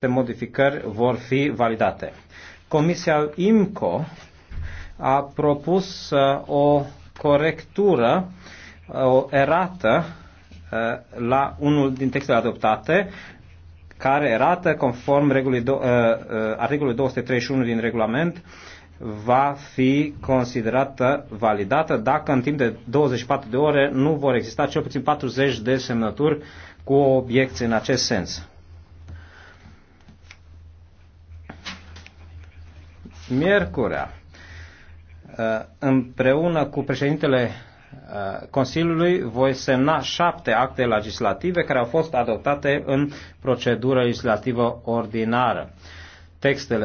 Aceste modificări vor fi validate. Comisia IMCO a propus uh, o corectură, uh, o erată uh, la unul din textele adoptate, care erată, conform regulii do, articolului 231 din regulament, va fi considerată validată dacă în timp de 24 de ore nu vor exista cel puțin 40 de semnături cu obiecții în acest sens. miercurea, uh, împreună cu președintele uh, Consiliului voi semna șapte acte legislative care au fost adoptate în procedură legislativă ordinară. Textele